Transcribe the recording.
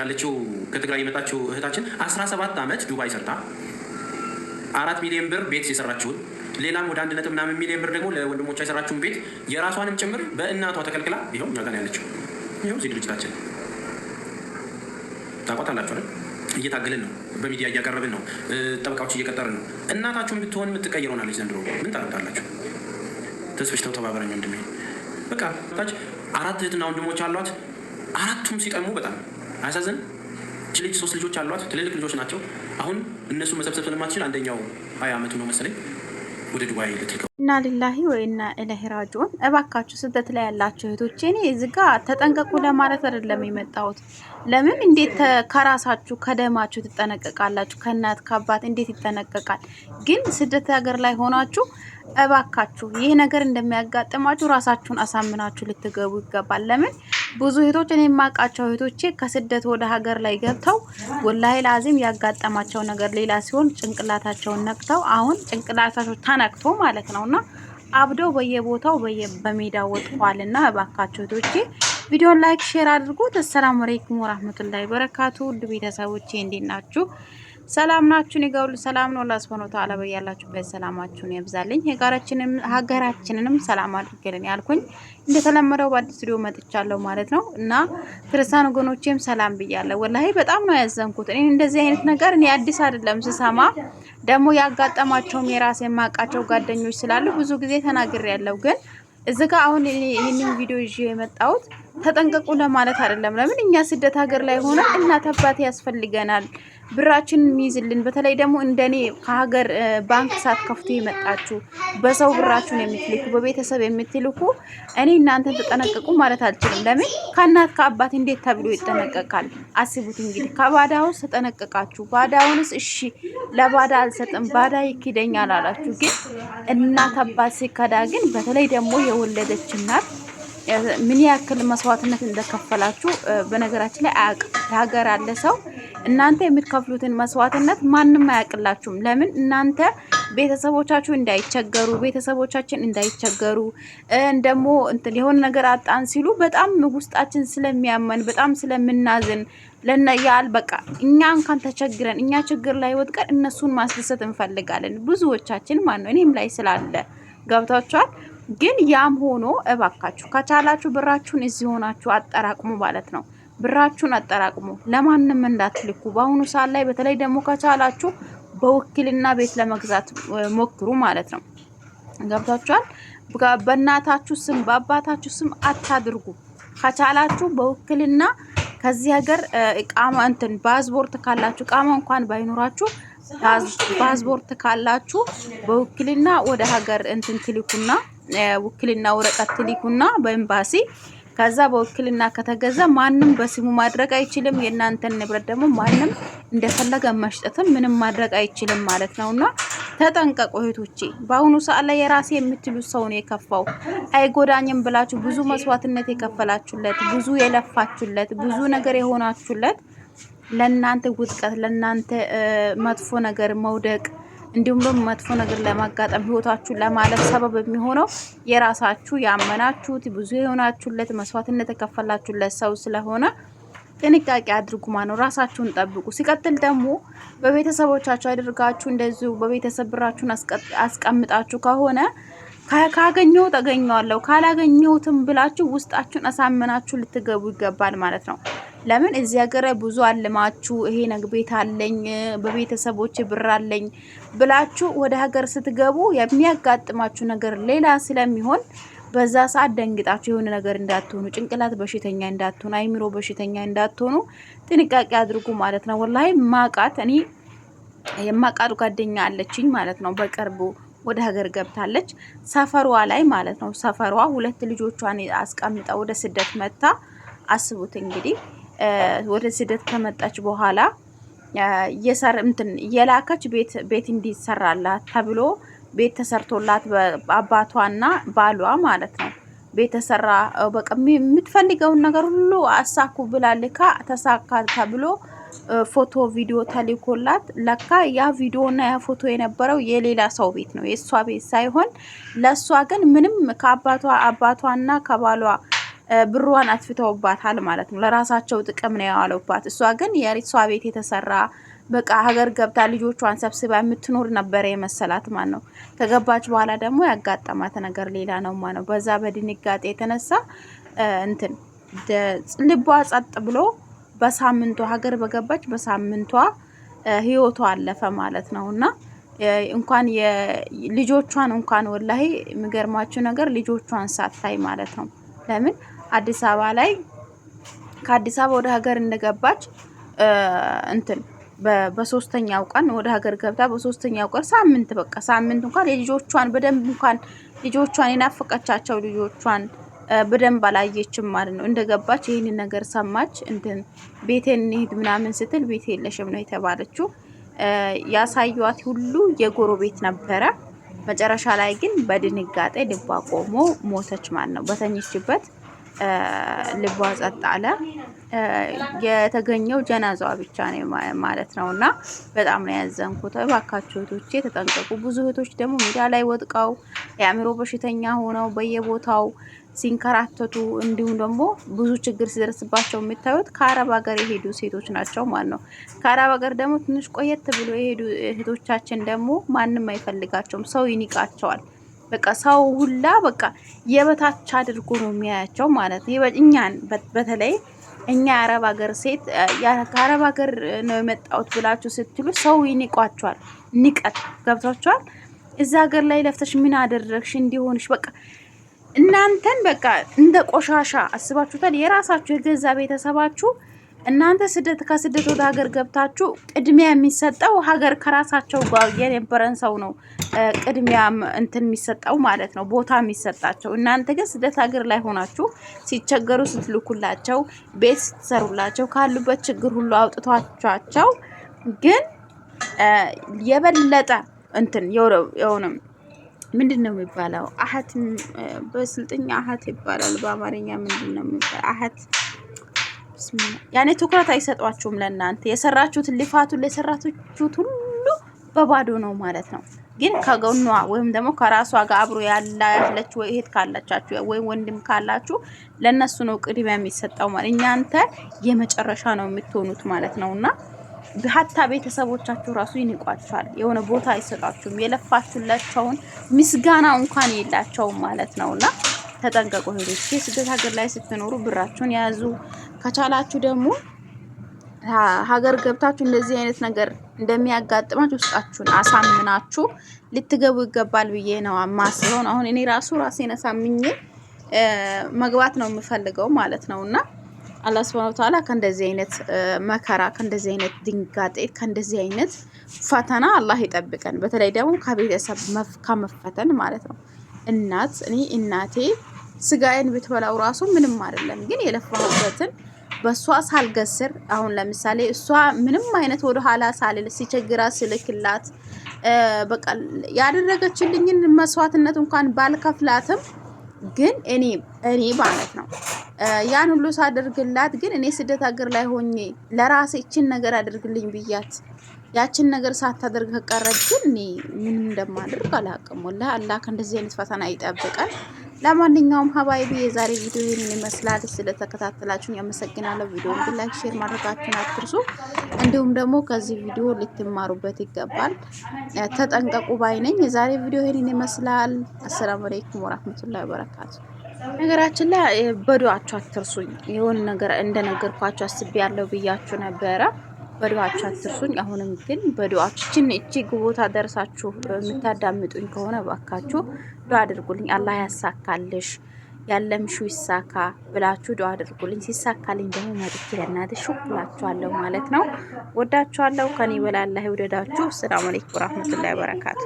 ያለችው ከትግራይ የመጣችው እህታችን አስራ ሰባት ዓመት ዱባይ ሰርታ አራት ሚሊዮን ብር ቤት የሰራችውን ሌላም ወደ አንድ ነጥብ ምናምን ሚሊዮን ብር ደግሞ ለወንድሞቿ የሰራችውን ቤት የራሷንም ጭምር በእናቷ ተከልክላ ይኸው እኛ ጋር ያለችው ይኸው እዚህ ድርጅታችን ታቋት አይደል? እየታገልን ነው። በሚዲያ እያቀረብን ነው። ጠበቃዎች እየቀጠርን ነው። እናታችሁን ብትሆን የምትቀይር ሆናለች ዘንድሮ። ምን ታረጋላችሁ? ተስፈሽተው ተባበረኝ ወንድሜ። በቃ ታች አራት እህትና ወንድሞች አሏት። አራቱም ሲጠሙ በጣም አያሳዝን? እች ልጅ ሶስት ልጆች አሏት። ትልልቅ ልጆች ናቸው። አሁን እነሱ መሰብሰብ ስለማትችል አንደኛው ሀያ አመቱ ነው መሰለኝ ወደ ዱባይ ልትልከው እና ሊላሂ ወይና ኢለይሂ ራጂዑን። እባካችሁ ስደት ላይ ያላችሁ እህቶቼ እኔ እዚህ ጋ ተጠንቀቁ ለማለት አይደለም የመጣሁት። ለምን እንዴት ከራሳችሁ ከደማችሁ ትጠነቀቃላችሁ? ከእናት ከአባት እንዴት ይጠነቀቃል? ግን ስደት ሀገር ላይ ሆናችሁ እባካችሁ ይህ ነገር እንደሚያጋጥማችሁ ራሳችሁን አሳምናችሁ ልትገቡ ይገባል። ለምን ብዙ እህቶች እኔ የማውቃቸው እህቶቼ ከስደት ወደ ሀገር ላይ ገብተው ወላሂ ላዚም ያጋጠማቸው ነገር ሌላ ሲሆን ጭንቅላታቸውን ነቅተው አሁን ጭንቅላታቸው ተነቅቶ ማለት ነው እና አብደው በየቦታው በሜዳ ወጥቋልና እባካችሁ እህቶቼ ቪዲዮን ላይክ ሼር አድርጉት። አሰላሙ አለይኩም ወራህመቱላሂ በረካቱ ውድ ቤተሰቦቼ እንዴት ናችሁ? ሰላም ናችሁን? ይገውል ሰላም ነው። አላህ ሱብሐነሁ ወተዓላ በያላችሁበት ሰላማችሁን ያብዛልኝ፣ ሀገራችንንም ሀገራችንንም ሰላም አድርግልን ያልኩኝ እንደተለመደው በአዲስ ስቱዲዮ መጥቻለሁ ማለት ነው እና ክርስቲያን ወገኖቼም ሰላም ብያለሁ። ወላሂ በጣም ነው ያዘንኩት። እኔ እንደዚህ አይነት ነገር እኔ አዲስ አይደለም ስሰማ፣ ደግሞ ያጋጠማቸውም የራሴ የማውቃቸው ጓደኞች ስላሉ ብዙ ጊዜ ተናግሬያለሁ። ግን እዚህ ጋር አሁን ይህንን ቪዲዮ ይዤ የመጣሁት ተጠንቀቁ ለማለት አይደለም። ለምን እኛ ስደት ሀገር ላይ ሆነ እናት አባት ያስፈልገናል፣ ብራችን የሚይዝልን። በተለይ ደግሞ እንደኔ ከሀገር ባንክ ሳትከፍቱ የመጣችሁ በሰው ብራችሁን የምትልኩ በቤተሰብ የምትልኩ እኔ እናንተን ተጠነቀቁ ማለት አልችልም። ለምን ከእናት ከአባት እንዴት ተብሎ ይጠነቀቃል? አስቡት እንግዲህ ከባዳውስ ተጠነቀቃችሁ። ባዳውንስ እሺ ለባዳ አልሰጥም ባዳ ይክደኛል አላችሁ። ግን እናት አባት ሲከዳ ግን በተለይ ደግሞ የወለደች እናት ምን ያክል መስዋዕትነት እንደከፈላችሁ በነገራችን ላይ አያውቅም። የሀገር አለ ሰው እናንተ የምትከፍሉትን መስዋዕትነት ማንም አያውቅላችሁም። ለምን እናንተ ቤተሰቦቻችሁ እንዳይቸገሩ ቤተሰቦቻችን እንዳይቸገሩ ደግሞ እንትን የሆነ ነገር አጣን ሲሉ በጣም ውስጣችን ስለሚያመን በጣም ስለምናዝን ለነ ያል በቃ እኛ እንኳን ተቸግረን እኛ ችግር ላይ ወጥቀን እነሱን ማስደሰት እንፈልጋለን ብዙዎቻችን። ማን ነው እኔም ላይ ስላለ ገብታችኋል። ግን ያም ሆኖ እባካችሁ ከቻላችሁ ብራችሁን እዚህ ሆናችሁ አጠራቅሙ ማለት ነው። ብራችሁን አጠራቅሙ፣ ለማንም እንዳትልኩ። በአሁኑ ሰዓት ላይ በተለይ ደግሞ ከቻላችሁ በውክልና ቤት ለመግዛት ሞክሩ ማለት ነው። ገብታችኋል? በእናታችሁ ስም በአባታችሁ ስም አታድርጉ። ከቻላችሁ በውክልና ከዚህ ሀገር እቃማ እንትን ፓስፖርት ካላችሁ እቃማ እንኳን ባይኖራችሁ ፓስፖርት ካላችሁ በውክልና ወደ ሀገር እንትን ትልኩና ውክልና ወረቀት ትልኩና በኤምባሲ ከዛ በውክልና ከተገዛ ማንም በስሙ ማድረግ አይችልም። የእናንተን ንብረት ደግሞ ማንም እንደፈለገ መሽጠትም ምንም ማድረግ አይችልም ማለት ነውና ተጠንቀቁ እህቶቼ። በአሁኑ ሰዓት ላይ የራሴ የምትሉ ነው የከፋው አይጎዳኝም ብላችሁ ብዙ መስዋዕትነት የከፈላችሁለት፣ ብዙ የለፋችሁለት፣ ብዙ ነገር የሆናችሁለት ለእናንተ ውጥቀት ለእናንተ መጥፎ ነገር መውደቅ እንዲሁም ደግሞ መጥፎ ነገር ለማጋጠም ህይወታችሁን ለማለፍ ሰበብ የሚሆነው የራሳችሁ ያመናችሁት ብዙ የሆናችሁለት መስዋዕትነት የከፈላችሁለት ሰው ስለሆነ ጥንቃቄ አድርጉ ማ ነው። ራሳችሁን ጠብቁ። ሲቀጥል ደግሞ በቤተሰቦቻችሁ አድርጋችሁ እንደዚሁ በቤተሰብ ብራችሁን አስቀምጣችሁ ከሆነ ካገኘሁ ተገኘዋለሁ ካላገኘሁትም ብላችሁ ውስጣችሁን አሳመናችሁ ልትገቡ ይገባል ማለት ነው። ለምን እዚህ ሀገር ብዙ አልማችሁ ይሄ ቤት አለኝ በቤተሰቦች ብር አለኝ ብላችሁ ወደ ሀገር ስትገቡ የሚያጋጥማችሁ ነገር ሌላ ስለሚሆን በዛ ሰዓት ደንግጣችሁ የሆነ ነገር እንዳትሆኑ፣ ጭንቅላት በሽተኛ እንዳትሆኑ፣ አይምሮ በሽተኛ እንዳትሆኑ ጥንቃቄ አድርጉ ማለት ነው። ወላሂ ማቃት እኔ የማቃት ጓደኛ አለችኝ ማለት ነው በቅርቡ ወደ ሀገር ገብታለች። ሰፈሯ ላይ ማለት ነው ሰፈሯ ሁለት ልጆቿን አስቀምጣ ወደ ስደት መታ አስቡት እንግዲህ ወደ ስደት ከመጣች በኋላ የሰር እንትን የላከች ቤት እንዲሰራላት ተብሎ ቤት ተሰርቶላት አባቷና ባሏ ማለት ነው። ቤት ተሰራ፣ በቃ የምትፈልገውን ነገር ሁሉ አሳኩ ብላ ልካ ተሳካ ተብሎ ፎቶ ቪዲዮ ተልኮላት ለካ ያ ቪዲዮ እና ያ ፎቶ የነበረው የሌላ ሰው ቤት ነው፣ የእሷ ቤት ሳይሆን ለእሷ ግን ምንም ከአባቷ አባቷና ከባሏ ብሯን አትፍተውባታል ማለት ነው። ለራሳቸው ጥቅም ነው የዋለባት። እሷ ግን የሷ ቤት የተሰራ በቃ ሀገር ገብታ ልጆቿን ሰብስባ የምትኖር ነበረ የመሰላት ማን ነው። ከገባች በኋላ ደግሞ ያጋጠማት ነገር ሌላ ነው ማ ነው። በዛ በድንጋጤ የተነሳ እንትን ልቧ ጸጥ ብሎ በሳምንቷ ሀገር በገባች በሳምንቷ ህይወቷ አለፈ ማለት ነው እና እንኳን ልጆቿን እንኳን ወላሂ የሚገርማችሁ ነገር ልጆቿን ሳታይ ማለት ነው ለምን አዲስ አበባ ላይ ከአዲስ አበባ ወደ ሀገር እንደገባች እንትን በሶስተኛው ቀን ወደ ሀገር ገብታ በሶስተኛው ቀን ሳምንት በቃ ሳምንት እንኳን የልጆቿን በደንብ እንኳን ልጆቿን የናፈቀቻቸው ልጆቿን በደንብ አላየችም ማለት ነው። እንደገባች ይህን ነገር ሰማች። እንትን ቤቴን እንሂድ ምናምን ስትል ቤት የለሽም ነው የተባለችው። ያሳዩዋት ሁሉ የጎረቤት ነበረ። መጨረሻ ላይ ግን በድንጋጤ ልቧ ቆሞ ሞተች ማለት ነው በተኝችበት ልቧ ጸጥ አለ። የተገኘው ጀናዛዋ ብቻ ነው ማለት ነው። እና በጣም ነው ያዘንኩት። እባካችሁ እህቶቼ ተጠንቀቁ። ብዙ እህቶች ደግሞ ሜዳ ላይ ወጥቀው የአእምሮ በሽተኛ ሆነው በየቦታው ሲንከራተቱ እንዲሁም ደግሞ ብዙ ችግር ሲደርስባቸው የሚታዩት ከአረብ ሀገር የሄዱ ሴቶች ናቸው ማለት ነው። ከአረብ ሀገር ደግሞ ትንሽ ቆየት ብሎ የሄዱ እህቶቻችን ደግሞ ማንም አይፈልጋቸውም፣ ሰው ይንቃቸዋል። በቃ ሰው ሁላ በቃ የበታች አድርጎ ነው የሚያያቸው ማለት እኛን በተለይ እኛ የአረብ ሀገር ሴት ከአረብ ሀገር ነው የመጣሁት ብላችሁ ስትሉ ሰው ይንቋቸዋል። ንቀት ገብቷቸዋል። እዚ ሀገር ላይ ለፍተሽ ምን አደረግሽ እንዲሆንሽ በቃ እናንተን በቃ እንደ ቆሻሻ አስባችሁታል። የራሳችሁ የገዛ ቤተሰባችሁ እናንተ ስደት ከስደት ወደ ሀገር ገብታችሁ ቅድሚያ የሚሰጠው ሀገር ከራሳቸው ጋር የነበረን ሰው ነው ቅድሚያ እንትን የሚሰጠው ማለት ነው ቦታ የሚሰጣቸው። እናንተ ግን ስደት ሀገር ላይ ሆናችሁ ሲቸገሩ ስትልኩላቸው፣ ቤት ስትሰሩላቸው፣ ካሉበት ችግር ሁሉ አውጥቷቸው ግን የበለጠ እንትን የሆነ ምንድን ነው የሚባለው አሀት በስልጥኛ አሀት ይባላል። በአማርኛ ምንድን ነው የሚባለው አሀት ያኔ ትኩረት አይሰጧችሁም ለእናንተ የሰራችሁት ልፋቱን ለሰራችሁት ሁሉ በባዶ ነው ማለት ነው። ግን ከጎኗ ወይም ደግሞ ከራሷ ጋር አብሮ ያላለች ወይ እህት ካላቻችሁ ወይም ወንድም ካላችሁ ለእነሱ ነው ቅድሚያ የሚሰጠው ማለት እናንተ የመጨረሻ ነው የምትሆኑት ማለት ነው እና ሀታ ቤተሰቦቻችሁ ራሱ ይንቋቸዋል። የሆነ ቦታ አይሰጧችሁም። የለፋችሁላቸውን ምስጋና እንኳን የላቸውም ማለት እና ተጠንቀቁ እህቶች። ስደት ሀገር ላይ ስትኖሩ ብራችሁን ያዙ። ከቻላችሁ ደግሞ ሀገር ገብታችሁ እንደዚህ አይነት ነገር እንደሚያጋጥማችሁ ውስጣችሁን አሳምናችሁ ልትገቡ ይገባል ብዬ ነው ማስበው። አሁን እኔ ራሱ ራሴን አሳምኜ መግባት ነው የምፈልገው ማለት ነው እና አላህ ስብሐነሁ ወተዓላ ከእንደዚህ አይነት መከራ፣ ከእንደዚህ አይነት ድንጋጤ፣ ከእንደዚህ አይነት ፈተና አላህ ይጠብቀን። በተለይ ደግሞ ከቤተሰብ ከመፈተን ማለት ነው እናት እኔ እናቴ ስጋዬን ብትበላው ራሱ ምንም አይደለም። ግን የለፋሁበትን በእሷ ሳልገስር አሁን ለምሳሌ እሷ ምንም አይነት ወደ ኋላ ሳልል ሲቸግራ ስልክላት በቃ ያደረገችልኝን መስዋዕትነት እንኳን ባልከፍላትም ግን እኔ እኔ ማለት ነው ያን ሁሉ ሳደርግላት ግን እኔ ስደት ሀገር ላይ ሆኜ ለራሴ እችን ነገር አድርግልኝ ብያት ያችን ነገር ሳታደርግ ከቀረች ግን እኔ ምንም እንደማደርግ አላቅም። ወላሂ አላህ እንደዚህ አይነት ፈተና ይጠብቃል። ለማንኛውም ሀባይቢ የዛሬ ቪዲዮ ይህንን ይመስላል። ስለተከታተላችሁን ያመሰግናለሁ። ቪዲዮውን ግን ላይክ፣ ሼር ማድረጋችሁን አትርሱ። እንዲሁም ደግሞ ከዚህ ቪዲዮ ልትማሩበት ይገባል። ተጠንቀቁ ባይ ነኝ። የዛሬ ቪዲዮ ይህንን ይመስላል። አሰላሙ አለይኩም ወራህመቱላሂ ወበረካቱ። ነገራችን ላይ በዱአችሁ አትርሱኝ። የሆን ነገር እንደነገርኳችሁ አስቤ ያለው ብያችሁ ነበረ። በዱዓችሁ አትርሱኝ። አሁንም ግን በዱዓችን እቺ ቦታ ደርሳችሁ የምታዳምጡኝ ከሆነ ባካችሁ ዱዓ አድርጉልኝ። አላህ ያሳካልሽ ያለምሹ ይሳካ ብላችሁ ዱዓ አድርጉልኝ። ሲሳካልኝ ደግሞ መጥቼ ለእናትሽ ብላችኋለሁ ማለት ነው። ወዳችኋለሁ። ከኔ በላይ አላህ ይውደዳችሁ። ሰላም አለይኩም ወራህመቱላሂ ወበረካቱ።